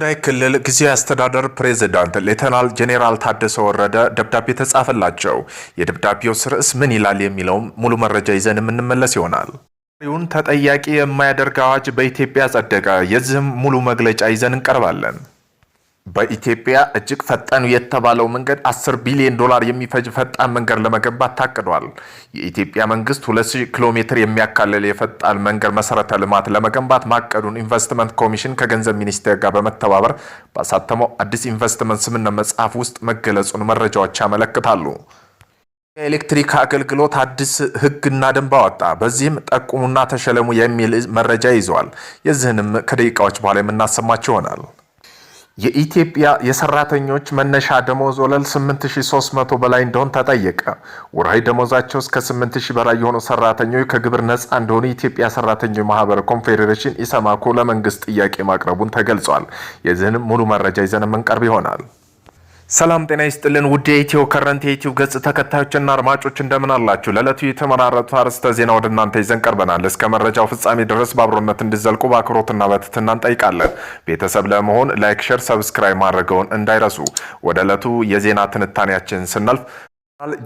የትግራይ ክልል ጊዜያዊ አስተዳደር ፕሬዝዳንት ሌተናል ጄኔራል ታደሰ ወረደ ደብዳቤ ተጻፈላቸው። የደብዳቤው ርዕስ ምን ይላል የሚለውም ሙሉ መረጃ ይዘን የምንመለስ ይሆናል። ሪውን ተጠያቂ የማያደርግ አዋጅ በኢትዮጵያ ጸደቀ። የዚህም ሙሉ መግለጫ ይዘን እንቀርባለን። በኢትዮጵያ እጅግ ፈጣኑ የተባለው መንገድ 10 ቢሊዮን ዶላር የሚፈጅ ፈጣን መንገድ ለመገንባት ታቅዷል። የኢትዮጵያ መንግስት 2000 ኪሎ ሜትር የሚያካልል የፈጣን መንገድ መሰረተ ልማት ለመገንባት ማቀዱን ኢንቨስትመንት ኮሚሽን ከገንዘብ ሚኒስቴር ጋር በመተባበር ባሳተመው አዲስ ኢንቨስትመንት ስምምነት መጽሐፍ ውስጥ መገለጹን መረጃዎች ያመለክታሉ። የኤሌክትሪክ አገልግሎት አዲስ ህግና ደንብ አወጣ። በዚህም ጠቁሙና ተሸለሙ የሚል መረጃ ይዘዋል። የዚህንም ከደቂቃዎች በኋላ የምናሰማቸው ይሆናል። የኢትዮጵያ የሰራተኞች መነሻ ደሞዝ ወለል 8300 በላይ እንደሆን ተጠየቀ። ወርሃዊ ደሞዛቸው እስከ 8000 በላይ የሆኑ ሰራተኞች ከግብር ነጻ እንደሆኑ የኢትዮጵያ ሰራተኞች ማህበር ኮንፌዴሬሽን ኢሰማኮ ለመንግስት ጥያቄ ማቅረቡን ተገልጿል። የዚህንም ሙሉ መረጃ ይዘን የምንቀርብ ይሆናል። ሰላም ጤና ይስጥልን ውድ የኢትዮ ከረንት የዩቲዩብ ገጽ ተከታዮችና አድማጮች እንደምን አላችሁ? ለዕለቱ የተመራረጡ አርዕስተ ዜና ወደ እናንተ ይዘን ቀርበናል። እስከ መረጃው ፍጻሜ ድረስ በአብሮነት እንዲዘልቁ በአክብሮትና በትትና እንጠይቃለን። ቤተሰብ ለመሆን ላይክ፣ ሸር፣ ሰብስክራይብ ማድረገውን እንዳይረሱ። ወደ ዕለቱ የዜና ትንታኔያችን ስናልፍ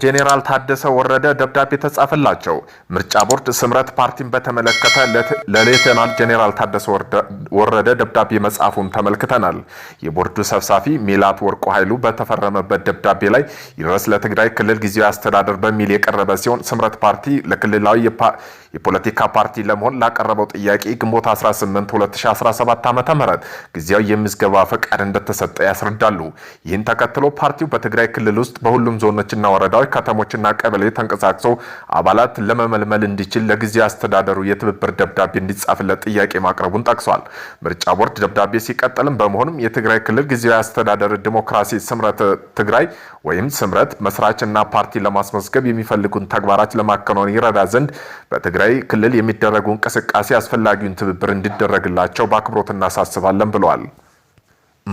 ጄኔራል ታደሰ ወረደ ደብዳቤ ተጻፈላቸው። ምርጫ ቦርድ ስምረት ፓርቲን በተመለከተ ለሌተናል ጄኔራል ታደሰ ወረደ ደብዳቤ መጻፉን ተመልክተናል። የቦርዱ ሰብሳቢ ሜላት ወርቁ ኃይሉ በተፈረመበት ደብዳቤ ላይ ይድረስ ለትግራይ ክልል ጊዜያዊ አስተዳደር በሚል የቀረበ ሲሆን ስምረት ፓርቲ ለክልላዊ የፖለቲካ ፓርቲ ለመሆን ላቀረበው ጥያቄ ግንቦት 18 2017 ዓ ም ጊዜያዊ የምዝገባ ፈቃድ እንደተሰጠ ያስረዳሉ። ይህን ተከትሎ ፓርቲው በትግራይ ክልል ውስጥ በሁሉም ዞኖችና ወረ ወረዳዎች፣ ከተሞችና ቀበሌ ተንቀሳቅሶ አባላት ለመመልመል እንዲችል ለጊዜ አስተዳደሩ የትብብር ደብዳቤ እንዲጻፍለት ጥያቄ ማቅረቡን ጠቅሷል። ምርጫ ቦርድ ደብዳቤ ሲቀጥልም በመሆኑም የትግራይ ክልል ጊዜያዊ አስተዳደር ዲሞክራሲ ስምረት ትግራይ ወይም ስምረት መስራችና ፓርቲ ለማስመዝገብ የሚፈልጉን ተግባራት ለማከናወን ይረዳ ዘንድ በትግራይ ክልል የሚደረጉ እንቅስቃሴ አስፈላጊውን ትብብር እንዲደረግላቸው በአክብሮት እናሳስባለን ብለዋል።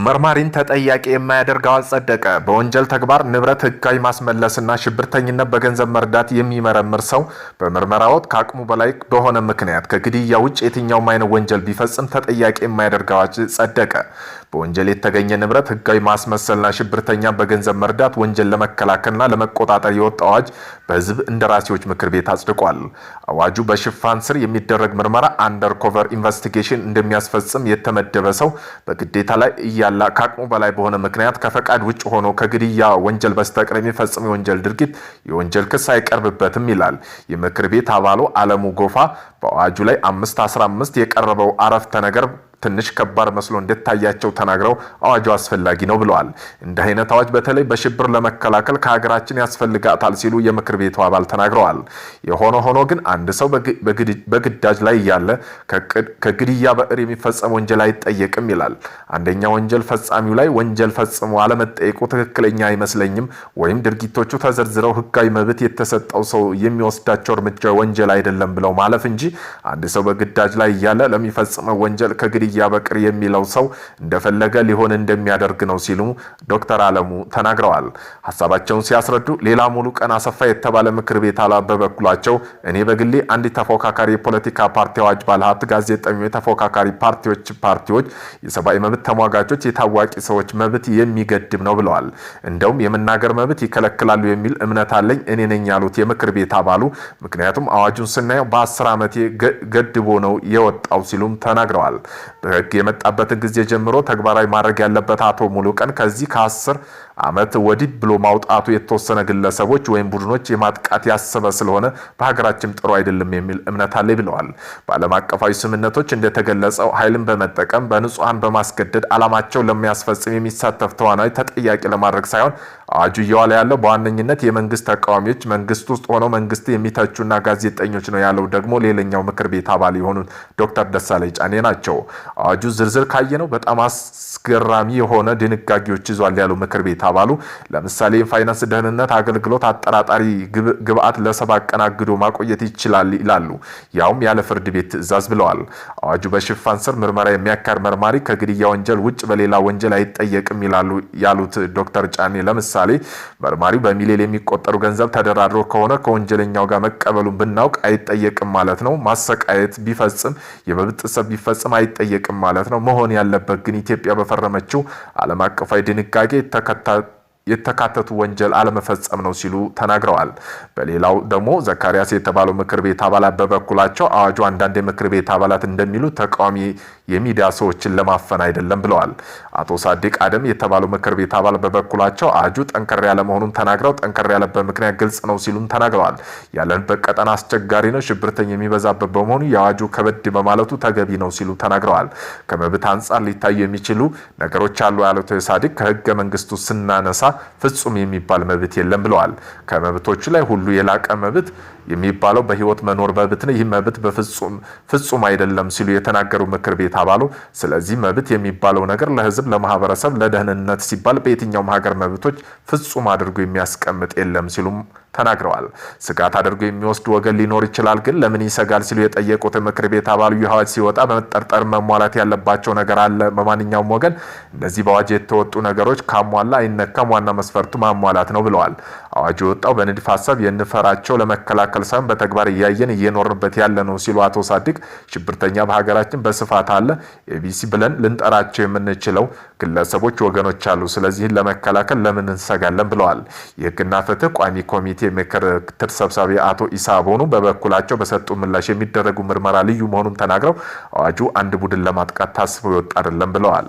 መርማሪን ተጠያቂ የማያደርገው አዋጅ በወንጀል ተግባር ንብረት ህጋዊ ማስመለስና ሽብርተኝነት በገንዘብ መርዳት የሚመረምር ሰው በምርመራ ወቅት ከአቅሙ በላይ በሆነ ምክንያት ከግድያ ውጭ የትኛውም አይነት ወንጀል ቢፈጽም ተጠያቂ የማያደርገው ጸደቀ። በወንጀል የተገኘ ንብረት ህጋዊ ማስመሰልና ሽብርተኛ በገንዘብ መርዳት ወንጀል ለመከላከልና ለመቆጣጠር የወጣ አዋጅ በህዝብ እንደራሴዎች ምክር ቤት አጽድቋል። አዋጁ በሽፋን ስር የሚደረግ ምርመራ አንደር ኮቨር ኢንቨስቲጌሽን እንደሚያስፈጽም የተመደበ ሰው በግዴታ ላይ እያለ ከአቅሙ በላይ በሆነ ምክንያት ከፈቃድ ውጭ ሆኖ ከግድያ ወንጀል በስተቀር የሚፈጽም የወንጀል ድርጊት የወንጀል ክስ አይቀርብበትም ይላል። የምክር ቤት አባሉ አለሙ ጎፋ በአዋጁ ላይ አምስት 15 የቀረበው አረፍተ ነገር ትንሽ ከባድ መስሎ እንደታያቸው ተናግረው አዋጁ አስፈላጊ ነው ብለዋል። እንዲህ አይነት አዋጅ በተለይ በሽብር ለመከላከል ከሀገራችን ያስፈልጋታል ሲሉ የምክር ቤቱ አባል ተናግረዋል። የሆነ ሆኖ ግን አንድ ሰው በግዳጅ ላይ እያለ ከግድያ በእር የሚፈጸም ወንጀል አይጠየቅም ይላል። አንደኛ ወንጀል ፈጻሚው ላይ ወንጀል ፈጽሞ አለመጠየቁ ትክክለኛ አይመስለኝም፣ ወይም ድርጊቶቹ ተዘርዝረው ህጋዊ መብት የተሰጠው ሰው የሚወስዳቸው እርምጃ ወንጀል አይደለም ብለው ማለፍ እንጂ አንድ ሰው በግዳጅ ላይ እያለ ለሚፈጽመው ወንጀል ከግድያ እያበቅር የሚለው ሰው እንደፈለገ ሊሆን እንደሚያደርግ ነው ሲሉ ዶክተር አለሙ ተናግረዋል። ሀሳባቸውን ሲያስረዱ ሌላ ሙሉ ቀን አሰፋ የተባለ ምክር ቤት አባል በበኩላቸው እኔ በግሌ አንድ ተፎካካሪ የፖለቲካ ፓርቲ አዋጅ ባለሀብት፣ ጋዜጠኞች፣ የተፎካካሪ ፓርቲዎች ፓርቲዎች፣ የሰብአዊ መብት ተሟጋቾች፣ የታዋቂ ሰዎች መብት የሚገድብ ነው ብለዋል። እንደውም የመናገር መብት ይከለክላሉ የሚል እምነት አለኝ እኔ ነኝ ያሉት የምክር ቤት አባሉ ምክንያቱም አዋጁን ስናየው በአስር ዓመቴ ገድቦ ነው የወጣው ሲሉም ተናግረዋል። ህግ የመጣበትን ጊዜ ጀምሮ ተግባራዊ ማድረግ ያለበት አቶ ሙሉቀን ከዚህ ከአስር ዓመት ወዲህ ብሎ ማውጣቱ የተወሰነ ግለሰቦች ወይም ቡድኖች የማጥቃት ያሰበ ስለሆነ በሀገራችን ጥሩ አይደለም የሚል እምነት አለ ብለዋል። በዓለም አቀፋዊ ስምምነቶች እንደተገለጸው ኃይልን በመጠቀም በንጹሐን በማስገደድ ዓላማቸው ለሚያስፈጽም የሚሳተፍ ተዋናዊ ተጠያቂ ለማድረግ ሳይሆን አዋጁ እየዋለ ያለው በዋነኝነት የመንግስት ተቃዋሚዎች መንግስት ውስጥ ሆነው መንግስት የሚተቹና ጋዜጠኞች ነው ያለው ደግሞ ሌላኛው ምክር ቤት አባል የሆኑት ዶክተር ደሳለኝ ጫኔ ናቸው። አዋጁ ዝርዝር ካየነው በጣም አስገራሚ የሆነ ድንጋጌዎች ይዟል ያለው ምክር ቤት አባሉ ለምሳሌ የፋይናንስ ደህንነት አገልግሎት አጠራጣሪ ግብአት ለሰባ ቀን አግዶ ማቆየት ይችላል ይላሉ። ያውም ያለ ፍርድ ቤት ትዕዛዝ ብለዋል። አዋጁ በሽፋን ስር ምርመራ የሚያካድ መርማሪ ከግድያ ወንጀል ውጭ በሌላ ወንጀል አይጠየቅም ይላሉ ያሉት ዶክተር ጫኔ ለምሳሌ መርማሪው በሚሊዮን የሚቆጠሩ ገንዘብ ተደራድሮ ከሆነ ከወንጀለኛው ጋር መቀበሉን ብናውቅ አይጠየቅም ማለት ነው። ማሰቃየት ቢፈጽም የመብት ጥሰት ቢፈጽም አይጠየቅም ማለት ነው። መሆን ያለበት ግን ኢትዮጵያ በፈረመችው ዓለም አቀፋዊ ድንጋጌ የተካተቱ ወንጀል አለመፈጸም ነው ሲሉ ተናግረዋል። በሌላው ደግሞ ዘካሪያስ የተባለው ምክር ቤት አባላት በበኩላቸው አዋጁ አንዳንድ የምክር ቤት አባላት እንደሚሉ ተቃዋሚ የሚዲያ ሰዎችን ለማፈን አይደለም ብለዋል። አቶ ሳዲቅ አደም የተባለው ምክር ቤት አባል በበኩላቸው አዋጁ ጠንከር ያለ መሆኑን ተናግረው ጠንከር ያለበት ምክንያት ግልጽ ነው ሲሉም ተናግረዋል። ያለንበት ቀጠና አስቸጋሪ ነው፣ ሽብርተኝ የሚበዛበት በመሆኑ የአዋጁ ከበድ በማለቱ ተገቢ ነው ሲሉ ተናግረዋል። ከመብት አንጻር ሊታዩ የሚችሉ ነገሮች አሉ ያሉት ሳዲቅ ከህገ መንግስቱ ስናነሳ ፍጹም የሚባል መብት የለም ብለዋል። ከመብቶቹ ላይ ሁሉ የላቀ መብት የሚባለው በህይወት መኖር መብት ነው። ይህ መብት በፍጹም ፍጹም አይደለም ሲሉ የተናገሩ ምክር ቤት አባሉ ስለዚህ መብት የሚባለው ነገር ለህዝብ፣ ለማህበረሰብ፣ ለደህንነት ሲባል በየትኛውም ሀገር መብቶች ፍጹም አድርጎ የሚያስቀምጥ የለም ሲሉም ተናግረዋል። ስጋት አድርጎ የሚወስድ ወገን ሊኖር ይችላል፣ ግን ለምን ይሰጋል ሲሉ የጠየቁት ምክር ቤት አባሉ ይህ አዋጅ ሲወጣ በመጠርጠር መሟላት ያለባቸው ነገር አለ። በማንኛውም ወገን እነዚህ በአዋጅ የተወጡ ነገሮች ካሟላ አይነካም ዋና መስፈርቱ ማሟላት ነው ብለዋል። አዋጁ የወጣው በንድፍ ሀሳብ የንፈራቸው ለመከላከል ሳይሆን በተግባር እያየን እየኖርንበት ያለ ነው ሲሉ አቶ ሳዲቅ ሽብርተኛ በሀገራችን በስፋት አለ። ኤቢሲ ብለን ልንጠራቸው የምንችለው ግለሰቦች፣ ወገኖች አሉ። ስለዚህን ለመከላከል ለምን እንሰጋለን ብለዋል። የህግና ፍትህ ቋሚ ኮሚቴ ምክትል ሰብሳቢ አቶ ኢሳ ቦኑ በበኩላቸው በሰጡ ምላሽ የሚደረጉ ምርመራ ልዩ መሆኑን ተናግረው አዋጁ አንድ ቡድን ለማጥቃት ታስቦ ይወጣ አይደለም ብለዋል።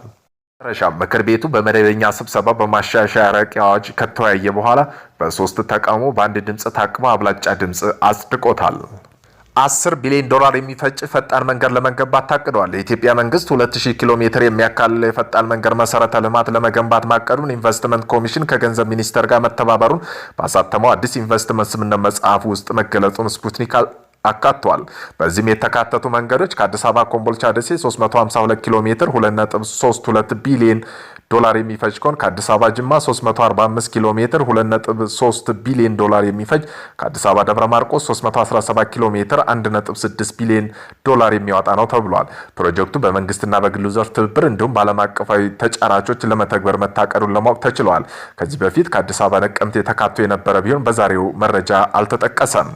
መጨረሻ ምክር ቤቱ በመደበኛ ስብሰባ በማሻሻያ ረቂቅ አዋጅ ከተወያየ በኋላ በሶስት ተቃውሞ በአንድ ድምፅ ታቅሞ አብላጫ ድምፅ አጽድቆታል። አስር ቢሊዮን ዶላር የሚፈጭ ፈጣን መንገድ ለመገንባት ታቅደዋል። የኢትዮጵያ መንግስት 2000 ኪሎ ሜትር የሚያካልለው የፈጣን መንገድ መሰረተ ልማት ለመገንባት ማቀዱን ኢንቨስትመንት ኮሚሽን ከገንዘብ ሚኒስቴር ጋር መተባበሩን ባሳተመው አዲስ ኢንቨስትመንት ስምምነት መጽሐፍ ውስጥ መገለጹን ስፑትኒክ አካቷል። በዚህም የተካተቱ መንገዶች ከአዲስ አበባ ኮምቦልቻ ደሴ 352 ኪሎ ሜትር 232 ቢሊዮን ዶላር የሚፈጅ ከሆን ከአዲስ አበባ ጅማ 345 ኪሎ ሜትር 23 ቢሊዮን ዶላር የሚፈጅ ከአዲስ አበባ ደብረ ማርቆስ 317 ኪሎ ሜትር 16 ቢሊዮን ዶላር የሚያወጣ ነው ተብሏል። ፕሮጀክቱ በመንግስትና በግሉ ዘርፍ ትብብር እንዲሁም በዓለም አቀፋዊ ተጫራቾች ለመተግበር መታቀዱን ለማወቅ ተችሏል። ከዚህ በፊት ከአዲስ አበባ ነቀምት የተካቶ የነበረ ቢሆን በዛሬው መረጃ አልተጠቀሰም።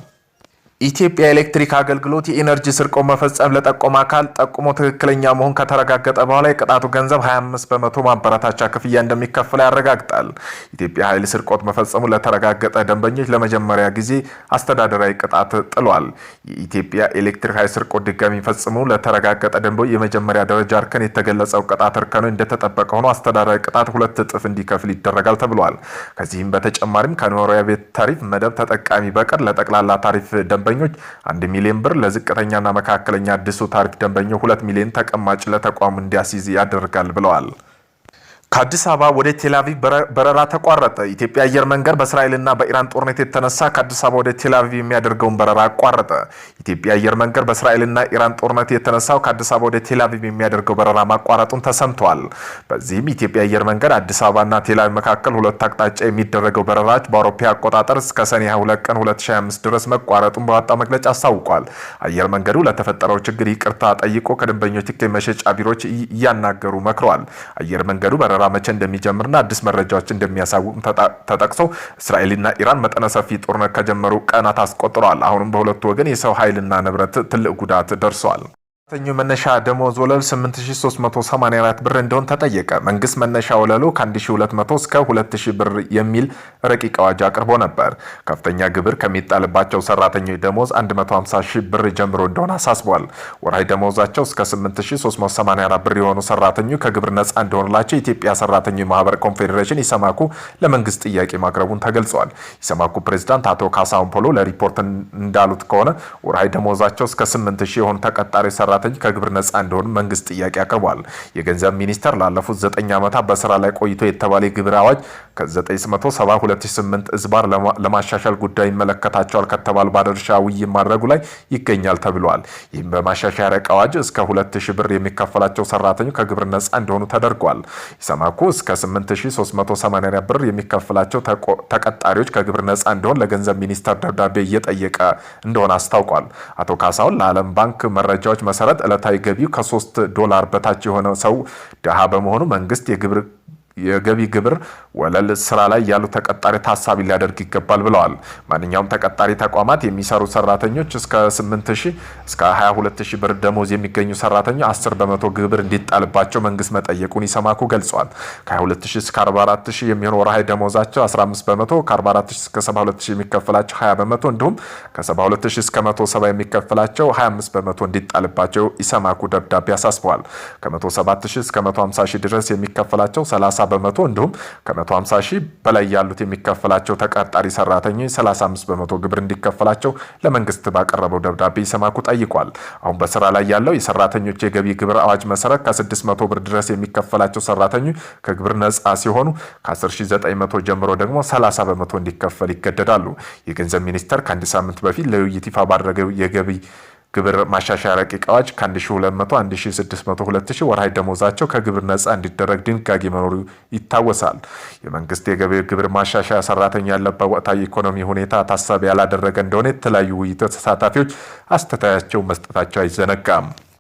ኢትዮጵያ ኤሌክትሪክ አገልግሎት የኢነርጂ ስርቆት መፈጸም ለጠቆመ አካል ጠቁሞ ትክክለኛ መሆን ከተረጋገጠ በኋላ የቅጣቱ ገንዘብ 25 በመቶ ማበረታቻ ክፍያ እንደሚከፍል ያረጋግጣል። ኢትዮጵያ ኃይል ስርቆት መፈጸሙ ለተረጋገጠ ደንበኞች ለመጀመሪያ ጊዜ አስተዳደራዊ ቅጣት ጥሏል። የኢትዮጵያ ኤሌክትሪክ ኃይል ስርቆት ድጋሚ ፈጽሙ ለተረጋገጠ ደንበኞች የመጀመሪያ ደረጃ እርከን የተገለጸው ቅጣት እርከኑ እንደተጠበቀ ሆኖ አስተዳደራዊ ቅጣት ሁለት እጥፍ እንዲከፍል ይደረጋል ተብሏል። ከዚህም በተጨማሪም ከመኖሪያ ቤት ታሪፍ መደብ ተጠቃሚ በቀር ለጠቅላላ ታሪፍ ደንበ ደንበኞች አንድ ሚሊዮን ብር ለዝቅተኛና መካከለኛ አዲሱ ታሪፍ ደንበኞች ሁለት ሚሊዮን ተቀማጭ ለተቋሙ እንዲያስይዝ ያደርጋል ብለዋል። ከአዲስ አበባ ወደ ቴላቪቭ በረራ ተቋረጠ። ኢትዮጵያ አየር መንገድ በእስራኤልና በኢራን ጦርነት የተነሳ ከአዲስ አበባ ወደ ቴልአቪቭ የሚያደርገውን በረራ አቋረጠ። ኢትዮጵያ አየር መንገድ በእስራኤልና ኢራን ጦርነት የተነሳው ከአዲስ አበባ ወደ ቴልአቪቭ የሚያደርገው በረራ ማቋረጡን ተሰምተዋል። በዚህም ኢትዮጵያ አየር መንገድ አዲስ አበባና ቴልአቪቭ መካከል ሁለት አቅጣጫ የሚደረገው በረራዎች በአውሮፓ አቆጣጠር እስከ ሰኔ 22 ቀን 2025 ድረስ መቋረጡን በወጣው መግለጫ አስታውቋል። አየር መንገዱ ለተፈጠረው ችግር ይቅርታ ጠይቆ ከደንበኞች ትኬት መሸጫ ቢሮዎች እያናገሩ መክረዋል። አየር መንገዱ በረራ በረራ መቼ እንደሚጀምርና አዲስ መረጃዎች እንደሚያሳውቅም ተጠቅሶ እስራኤልና ኢራን መጠነ ሰፊ ጦርነት ከጀመሩ ቀናት አስቆጥረዋል። አሁንም በሁለቱ ወገን የሰው ኃይልና ንብረት ትልቅ ጉዳት ደርሰዋል። ተኙ መነሻ ደሞዝ ወለል 8384 ብር እንደሆን ተጠየቀ። መንግስት መነሻ ወለሉ ከ1200 እስከ 2000 ብር የሚል ረቂቅ አዋጅ አቅርቦ ነበር። ከፍተኛ ግብር ከሚጣልባቸው ሰራተኞች ደሞዝ 150 ብር ጀምሮ እንደሆነ አሳስቧል። ወራይ ደሞዛቸው እስከ 8384 ብር የሆኑ ሰራተኞች ከግብር ነፃ እንደሆኑላቸው የኢትዮጵያ ሰራተኞ ማህበር ኮንፌዴሬሽን ኢሰማኩ ለመንግስት ጥያቄ ማቅረቡን ተገልጿል። ኢሰማኩ ፕሬዚዳንት አቶ ካሳሁን ፖሎ ለሪፖርት እንዳሉት ከሆነ ወራይ ደሞዛቸው እስከ 8000 የሆኑ ተቀጣሪ ሰራ ሰራተኛ ከግብር ነጻ እንዲሆን መንግስት ጥያቄ አቅርቧል። የገንዘብ ሚኒስቴር ላለፉት ዘጠኝ ዓመታት በስራ ላይ ቆይቶ የተባለ የግብር አዋጅ ከ972008 እዝባር ለማሻሻል ጉዳይ ይመለከታቸዋል ከተባል ባለድርሻ ውይይት ማድረጉ ላይ ይገኛል ተብሏል። ይህም በማሻሻያ ረቂቅ አዋጅ እስከ 2000 ብር የሚከፈላቸው ሰራተኞች ከግብር ነጻ እንደሆኑ ተደርጓል። ኢሰማኮ እስከ 8380 ብር የሚከፈላቸው ተቀጣሪዎች ከግብር ነጻ እንደሆን ለገንዘብ ሚኒስቴር ደብዳቤ እየጠየቀ እንደሆነ አስታውቋል። አቶ ካሳሁን ለዓለም ባንክ መረጃዎች መሰረት መሰረት ዕለታዊ ገቢው ከሶስት ዶላር በታች የሆነ ሰው ድሃ በመሆኑ መንግስት የግብር የገቢ ግብር ወለል ስራ ላይ ያሉ ተቀጣሪ ታሳቢ ሊያደርግ ይገባል ብለዋል። ማንኛውም ተቀጣሪ ተቋማት የሚሰሩ ሰራተኞች እስከ 8000 እስከ 22000 ብር ደሞዝ የሚገኙ ሰራተኞች 10 በመቶ ግብር እንዲጣልባቸው መንግስት መጠየቁን ይሰማኩ ገልጿል። ከ22000 እስከ 44000 የሚሆን ወርሃዊ ደሞዛቸው 15 በመቶ፣ ከ44000 እስከ 72000 የሚከፍላቸው 20 በመቶ እንዲሁም ከ72000 እስከ 170 የሚከፍላቸው 25 በመቶ እንዲጣልባቸው ኢሰማኮ ደብዳቤ አሳስበዋል። ከ107000 እስከ 150000 ድረስ የሚከፍላቸው 30 30 በመቶ እንዲሁም ከ150 ሺህ በላይ ያሉት የሚከፈላቸው ተቀጣሪ ሰራተኞች 35 በመቶ ግብር እንዲከፈላቸው ለመንግስት ባቀረበው ደብዳቤ ይሰማኩ ጠይቋል። አሁን በስራ ላይ ያለው የሰራተኞች የገቢ ግብር አዋጅ መሰረት ከ600 ብር ድረስ የሚከፈላቸው ሰራተኞች ከግብር ነፃ ሲሆኑ ከ10900 ጀምሮ ደግሞ 30 በመቶ እንዲከፈል ይገደዳሉ። የገንዘብ ሚኒስቴር ከአንድ ሳምንት በፊት ለውይይት ይፋ ባደረገው የገቢ ግብር ማሻሻያ ረቂቅ አዋጅ ከ1200 1600 ወርሃዊ ደሞዛቸው ከግብር ነፃ እንዲደረግ ድንጋጌ መኖሩ ይታወሳል። የመንግስት የገቢር ግብር ማሻሻያ ሰራተኛ ያለበት ወቅታዊ ኢኮኖሚ ሁኔታ ታሳቢ ያላደረገ እንደሆነ የተለያዩ ውይይቶች ተሳታፊዎች አስተያየታቸውን መስጠታቸው አይዘነጋም።